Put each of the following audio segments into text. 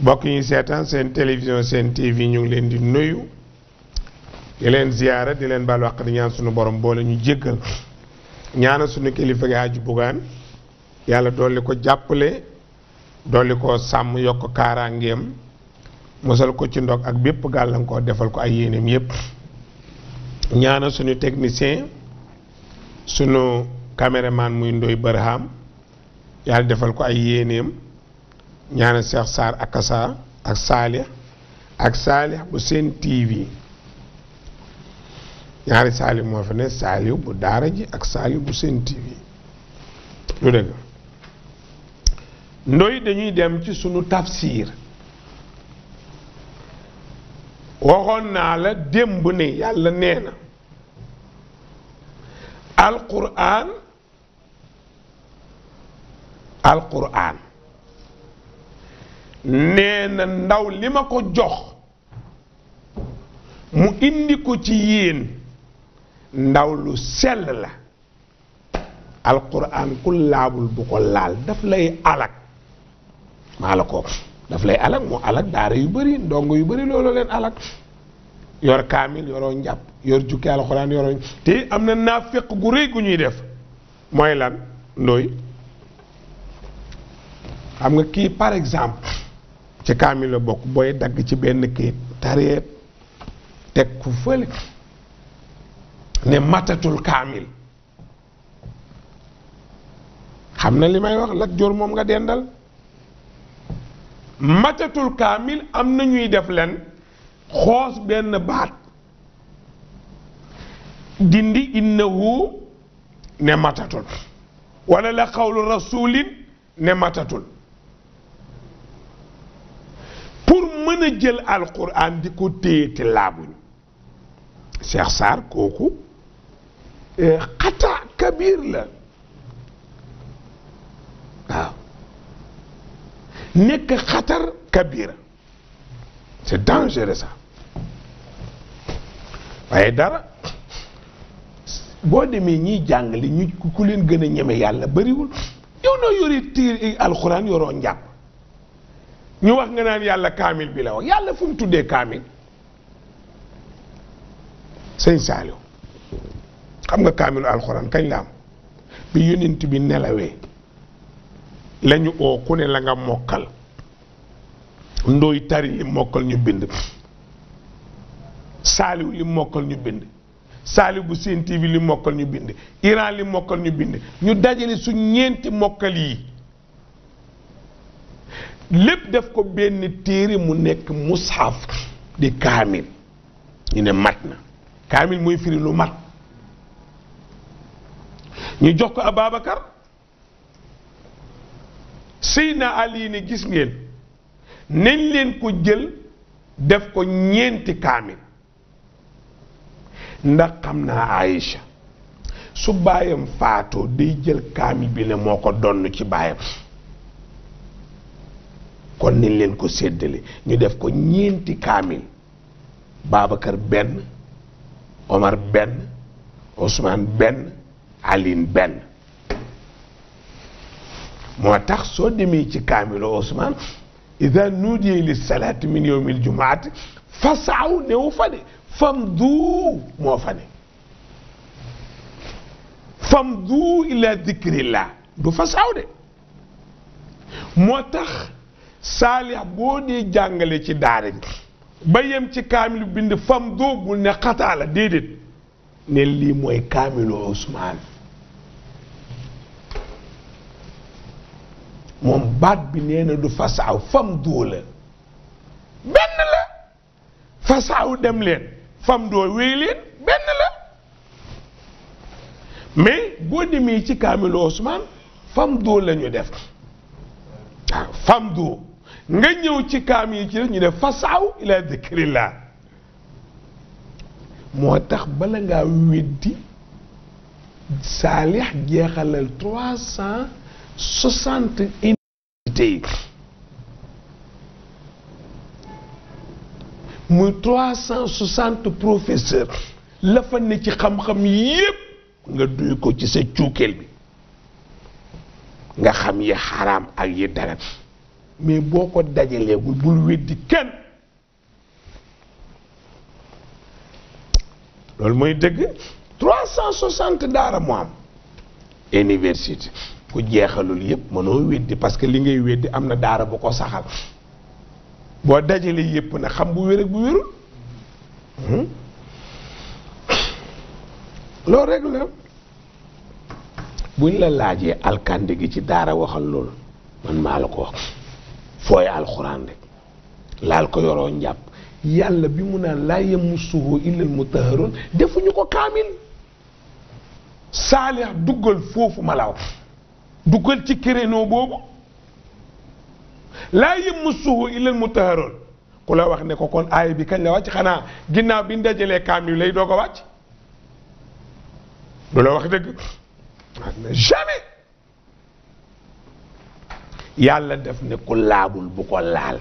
mbokk yi seetaan seen télévision seen TV ñu ngi leen di nuyu di leen ziyaara di leen baal wax di ñaan suñu borom boole ñu jéggal ñaana suñu kilifa gi aju bugaan yàlla dolli ko jàppale dolli ko sàmm yokk kaaraangeem mosal ko ci ndox ak bépp gàllankoor defal ko ay yéeneem yépp ñaana suñu technicien sunu caméraman muy Ndoy Barham yàlla defal ko ay yéeneem ñaari Cheikh Sarr ak Kassa ak Saalix ak Saalix bu seen TV ñaari Saalix moo fi Saalix bu daara ji ak Saalix bu seen TV lu dëgg ndoy dañuy dem ci sunu tafsir waxoon naa la démb ne yàlla nee na alquran alquran nee ndaw li ma ko jox mu indi ko ci yéen ndaw lu sell la alquran ku laabul bu ko laal daf lay alak maa la ko daf lay alak mu alak daara yu bëri ndongo yu bari loolu leen alak yor kaamil yoroo njàpp yor jukki alxuraan yoroo te am na naaféq gu rëy gu ñuy def mooy lan ndooy xam nga kii par exemple ci kaamilo bokk booy dagg ci benn kayit tareet teg ku fële ne matatul kaamil xam na li may wax Lat Joor moom nga dendal matatul kaamil am na ñuy def leen xoos benn baat dindi innahu ne matatul wala la xawlu rasulin ne matatul mën a jël alquran di ko téye te laabuñu Cheikh Sarr kooku eh, xata kabir la nekk xatar kabir c'est dangereux sax waaye dara boo demee ñiy jàng li ñu ku leen gën a ñeme yàlla bariwul yow noo yore téere eh, alquran yoroo njàpp ñu wax nga naan yàlla kaamil bi la wax yàlla fu mu tuddee kaamil sëñ Saliou xam nga kaamilu alxuraan kañ la am bi yonent bi nelawee la ñu oo ku ne la nga mokkal ndooy tari li mokkal ñu bind Saliou li mokkal ñu bind Saliou bu Sen TV li mokkal ñu bind Iran li mokkal ñu bind ñu dajale su ñeenti mokkal yi lépp def ko benn téere mu nekk mushaf di kaamil ñu ne mat na kaamil mooy firi lu mat ñu jox ko Ababacar Seydina Ali ne gis ngeen nañ leen ko jël def ko ñeenti kaamil ndax xam naa Aïcha su baayam faatoo day jël kaamil bi ne moo ko donn ci baayam kon ni leen ko séddale ñu def ko ñeenti kaamil Babacar benn Omar benn Ousmane benn Aline benn moo tax soo demee ci kaamilu Ousmane ida nuudiye li salaati min yowmil jumaati fasaaw newu fa ne fam duu moo fa ne fam duu ila dikrillah du fasaaw de moo tax saalix boo dee jàngale ci daara bi ba yem ci kaamilu bind fam doogul ne xataa la déedéet ne lii mooy kaamilu Ousmane baat bi du fasaaw fam doo la benn ci kaamilu Ousmane fam def waaw fam doo nga ñëw ci kaam yi ci ñu ne fasaaw ila zikrillah moo tax bala ngaa weddi saalix jeexalal trois cent soixante unité yi muy trois cent soixante professeur la fa ne ci xam-xam yépp nga duy ko ci sa cuukeel bi nga xam yi xaram ak yi dara mais boo ko dajaleegul bul weddi kenn loolu mooy dëgg trois cent soixante daara mu am université ku jeexalul yépp mënoo weddi parce que li ngay weddi am na daara bu ko saxal boo dajalee yépp na xam bu wér ak bu wérul hmm? loolu rek buñ la laajee alkande gi ci daara waxal loolu man maa la ko wax fooy alxuraan rek laal ko yoroo njàpp yàlla bi mu naan laa yamassuhu illal mutahharuun defuñu ko kaamil saalix duggal foofu malaw duggal ci créneau boobu laa yamassuhu illal mutahharuun ku la wax ne ko kon aay bi kañ la wàcc xanaa ginnaaw bi ndajalee kaamil lay doog a wàcc du la wax dëgg jamais yàlla def ne ku laabul bu ko laal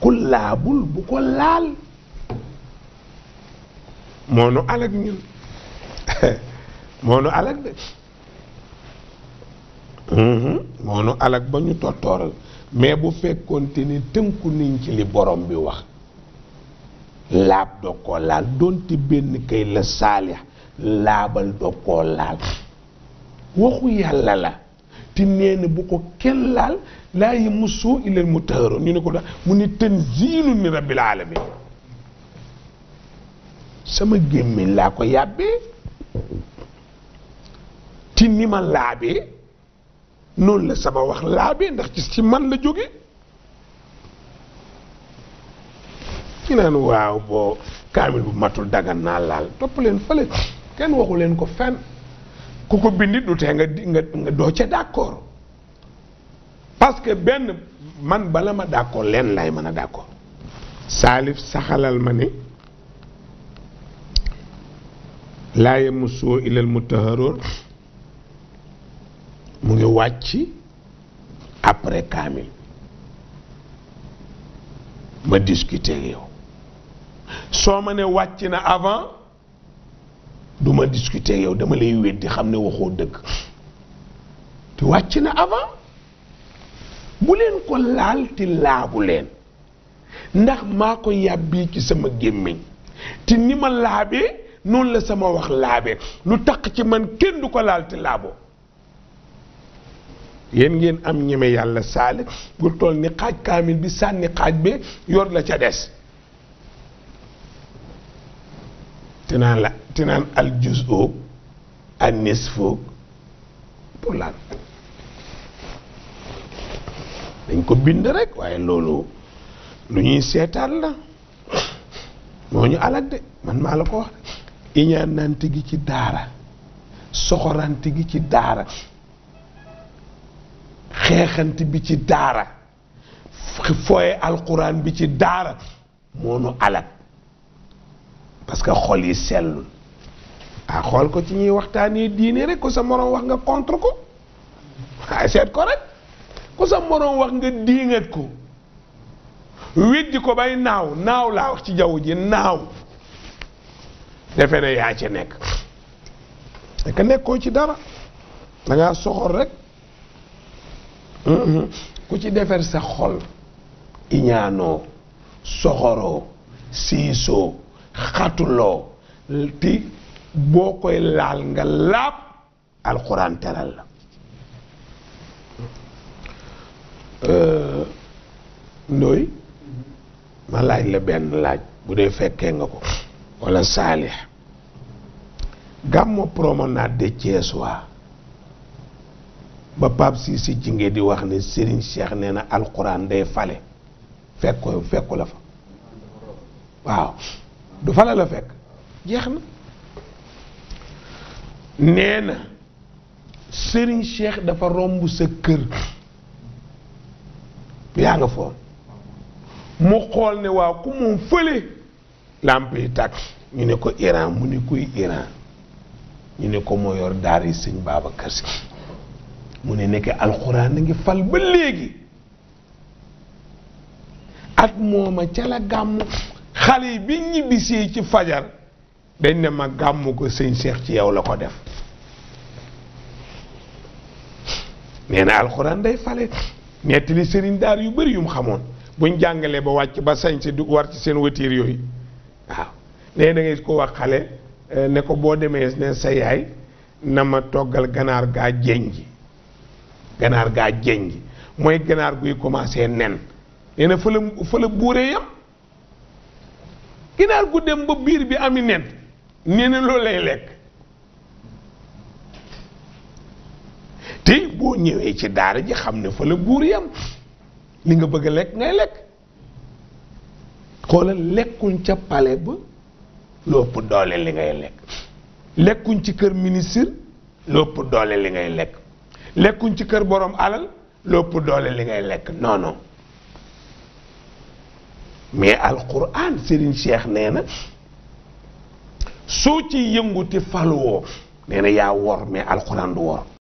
ku laabul bu ko laal moo nu alag ñun moo nu mhm. alag ba ñu tottooral mais bu fekkoonte ni tënku niñ ci li borom bi wax laab doo ko laal doonte benn kay la saalix laabal doo ko laal waxu yàlla la te nee bu ko kenn laal laa yamassuhu illal mutahharuun ñu ne ko daal mu ne tanziilun min rabbil aalamiin sama gémmiñ laa ko yàbbee ti ni ma laabee noonu la sama wax laabee ndax ci ci man la jóge ñu naan waaw boo kaamil bu matul dagan naa laal topp leen fële kenn waxu leen ko fenn ku ko bindi du tee nga nga doo ca d'accord parce que benn man bala ma d'accord leen lay mën a d'accord saalif saxalal ma ne laa yamassuhu illal mutahharuun mu ngi wàcc après kaamil ma discuter yow soo ma ne wàcc na avant du ma discuter yow dama lay weddi xam ne waxoo dëgg te wàcc na avant bu leen ko laal te laabu leen ndax maa ko yàbbi ci sama gémmiñ te ni ma laabee noonu la sama wax laabee lu taq ci man kenn du ko laal te laaboo yéen ngeen am ñeme yàlla saale bu toll ni xaaj kaamil bi sànni xaaj be yor la ca des te naan la te naan al juz oog al nisfoog dañ ko bind rek waaye loolu lu ñuy seetaan la moo ñu alal de man maa la ko wax iñaanante gi ci daara soxorante gi ci daara xeexante bi ci daara fooye alquran bi ci daara moo nu alal parce que xol yi sellul ah xool ko ci ñuy waxtaanee diine rek ku sa moroom wax nga contre ko waaye ah, seet ko rek ku sa moroom wax nga diingat ko weddi ko bay naaw naaw laa wax ci jaww ji naaw defe ne yaa ci nekk nekk nekkoo ci dara da ngaa soxor rek mm-hmm. ku ci defar sa xol iñaanoo soxoroo siisoo xatuloo ti boo koy laal nga laab alxuraan teral la euh, ndooy ma laaj la benn laaj bu dee fekkee nga ko wala saalix gàmmo promenade de Thiès waa ba Pape Cissé Djingué di wax ne Serigne Cheikh nee na alxuraan day fale fekk fekku la fa waaw du fala la fekk jeex na nee na Serigne Cheikh dafa romb sa kër yaa nga foon mu xool ne waa ku moom fële lamp yi ñu ne ko Iran mu ne kuy Iran ñu ne ko moo yor yi sëñ Babacar Si mu ne nekk alxuraan a ngi fal ba léegi at mooma ca la gàmmu xale yi bi ñibbisee ci fajar dañ ne ma gàmmu ko sëñ seex ci yow la ko def nee na alxuraan day fale li sëriñ daar yu bari yu xamoon buñ jàngalee ba wàcc ba sañ si du war ci seen watiir yooyu waaw nee da ngay ko wax xale eh, ne ko boo demee ne sa yaay na ma toggal ganaar gaa jeñ ganaar gaa jeñ mooy ganaar guy commencé nen nee na fa la yam ginaar bu dem ba biir bi ami nen nee lool lay lekk te boo ñëwee ci daara ji xam ne fa la buur yam li nga bëgg a lekk ngay lekk xoolal lekkuñ ca palais ba lopp doole li ngay lekk lekkuñ ci kër ministre lopp doole li ngay lekk lekkuñ ci kër borom alal lopp doole li ngay lekk non mais alquran Serigne Cheikh nee na soo ci yëngu te faluwoo nee na yaa wor mais alquran du wor